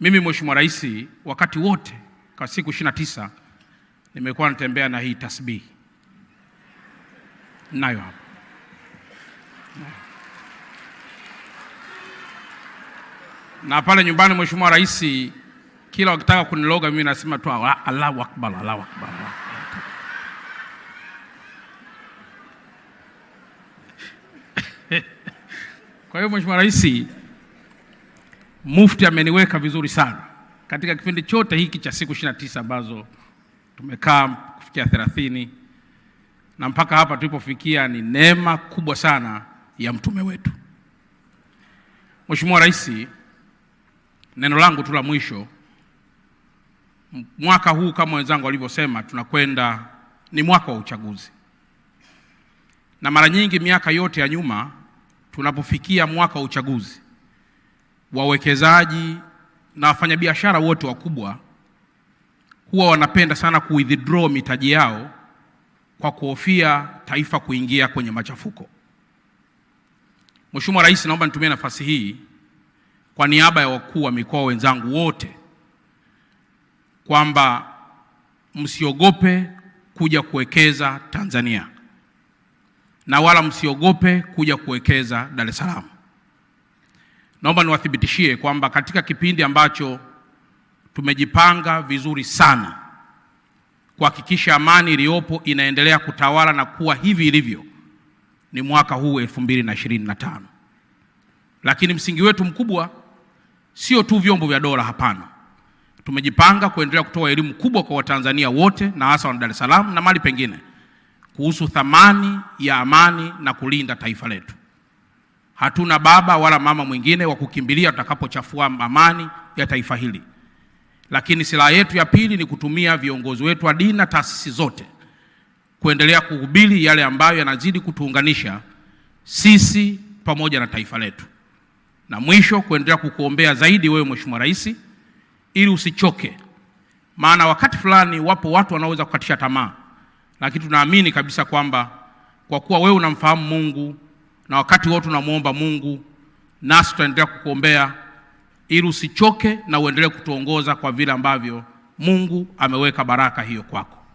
Mimi Mheshimiwa Rais, wakati wote kwa siku 29 nimekuwa natembea na hii tasbihi nayo hapa. Na pale nyumbani Mheshimiwa Rais kila wakitaka kuniloga mimi nasema tu Allahu Akbar, Allahu Akbar. Kwa hiyo Mheshimiwa Rais Mufti ameniweka vizuri sana katika kipindi chote hiki cha siku 29 tisa ambazo tumekaa kufikia 30 na mpaka hapa tulipofikia ni neema kubwa sana ya mtume wetu. Mheshimiwa Rais, neno langu tu la mwisho, mwaka huu kama wenzangu walivyosema, tunakwenda ni mwaka wa uchaguzi, na mara nyingi miaka yote ya nyuma tunapofikia mwaka wa uchaguzi wawekezaji na wafanyabiashara wote wakubwa huwa wanapenda sana kuwithdraw mitaji yao kwa kuhofia taifa kuingia kwenye machafuko. Mheshimiwa Rais, naomba nitumie nafasi hii kwa niaba ya wakuu wa mikoa wenzangu wote kwamba msiogope kuja kuwekeza Tanzania na wala msiogope kuja kuwekeza Dar es Salaam. Naomba niwathibitishie kwamba katika kipindi ambacho tumejipanga vizuri sana kuhakikisha amani iliyopo inaendelea kutawala na kuwa hivi ilivyo ni mwaka huu 2025. Lakini msingi wetu mkubwa sio tu vyombo vya dola, hapana. Tumejipanga kuendelea kutoa elimu kubwa kwa Watanzania wote na hasa wana Dar es Salaam na mali pengine kuhusu thamani ya amani na kulinda taifa letu. Hatuna baba wala mama mwingine wa kukimbilia tutakapochafua amani ya taifa hili. Lakini silaha yetu ya pili ni kutumia viongozi wetu wa dini na taasisi zote kuendelea kuhubiri yale ambayo yanazidi kutuunganisha sisi pamoja na taifa letu. Na mwisho kuendelea kukuombea zaidi wewe Mheshimiwa Rais ili usichoke, maana wakati fulani wapo watu wanaoweza kukatisha tamaa, lakini tunaamini kabisa kwamba kwa kuwa wewe unamfahamu Mungu na wakati wote tunamwomba Mungu, nasi tutaendelea kukuombea ili usichoke na uendelee kutuongoza kwa vile ambavyo Mungu ameweka baraka hiyo kwako.